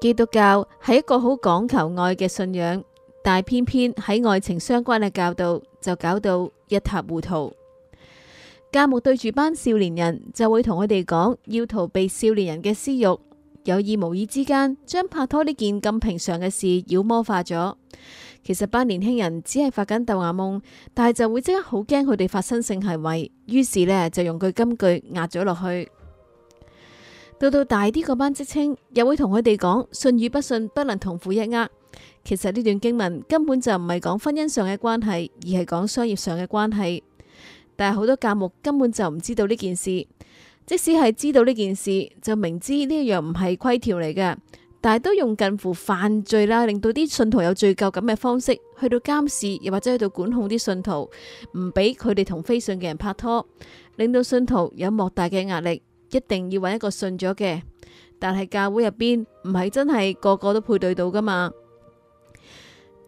基督教係一個好講求愛嘅信仰，但係偏偏喺愛情相關嘅教導就搞到一塌糊塗。家牧對住班少年人就會同佢哋講要逃避少年人嘅私欲，有意無意之間將拍拖呢件咁平常嘅事妖魔化咗。其實班年輕人只係發緊豆芽夢，但係就會即刻好驚佢哋發生性行為，於是呢，就用句金句壓咗落去。到到大啲個班職稱又會同佢哋講，信與不信不能同負一軛。其實呢段經文根本就唔係講婚姻上嘅關係，而係講商業上嘅關係。但係好多教牧根本就唔知道呢件事，即使係知道呢件事，就明知呢一樣唔係規條嚟嘅，但係都用近乎犯罪啦，令到啲信徒有罪疚咁嘅方式去到監視，又或者去到管控啲信徒，唔俾佢哋同非信嘅人拍拖，令到信徒有莫大嘅壓力。一定要揾一個信咗嘅，但係教會入邊唔係真係個個都配對到噶嘛。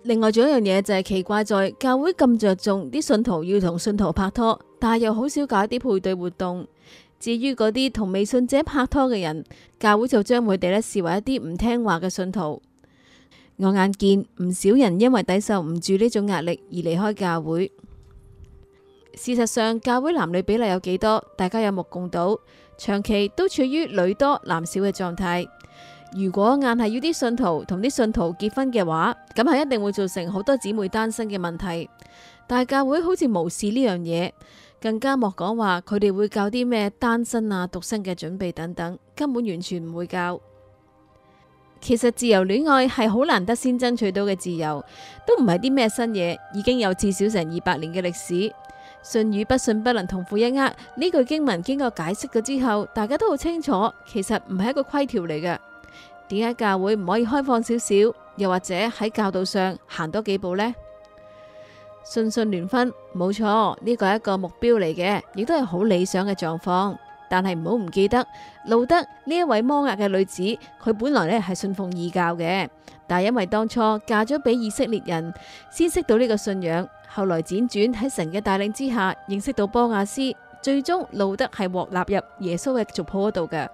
另外仲有一樣嘢就係奇怪在，在教會咁着重啲信徒要同信徒拍拖，但係又好少搞啲配對活動。至於嗰啲同未信者拍拖嘅人，教會就將佢哋呢視為一啲唔聽話嘅信徒。我眼見唔少人因為抵受唔住呢種壓力而離開教會。事實上，教會男女比例有幾多，大家有目共睹，長期都處於女多男少嘅狀態。如果硬係要啲信徒同啲信徒結婚嘅話，咁係一定會造成好多姊妹單身嘅問題。大教會好似無視呢樣嘢，更加莫講話佢哋會教啲咩單身啊、獨身嘅準備等等，根本完全唔會教。其實自由戀愛係好難得先爭取到嘅自由，都唔係啲咩新嘢，已經有至少成二百年嘅歷史。信與不信不能同負一軛呢句經文經過解釋咗之後，大家都好清楚，其實唔係一個規條嚟嘅。點解教會唔可以開放少少，又或者喺教導上行多幾步呢？信信聯婚，冇錯，呢個係一個目標嚟嘅，亦都係好理想嘅狀況。但係唔好唔記得，路德呢一位摩押嘅女子，佢本來咧係信奉異教嘅，但係因為當初嫁咗俾以色列人，先識到呢個信仰，後來輾轉喺神嘅帶領之下，認識到波亞斯，最終路德係獲納入耶穌嘅族譜度嘅。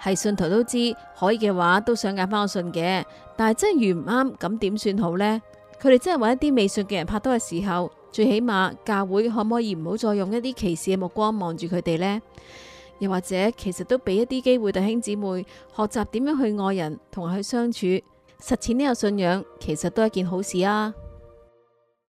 係信徒都知，可以嘅話都想揀翻個信嘅，但係真係遇唔啱，咁點算好呢？佢哋真係揾一啲未信嘅人拍拖嘅時候。最起碼教會可唔可以唔好再用一啲歧視嘅目光望住佢哋呢？又或者其實都俾一啲機會弟兄姊妹學習點樣去愛人同埋去相處，實踐呢個信仰，其實都係一件好事啊！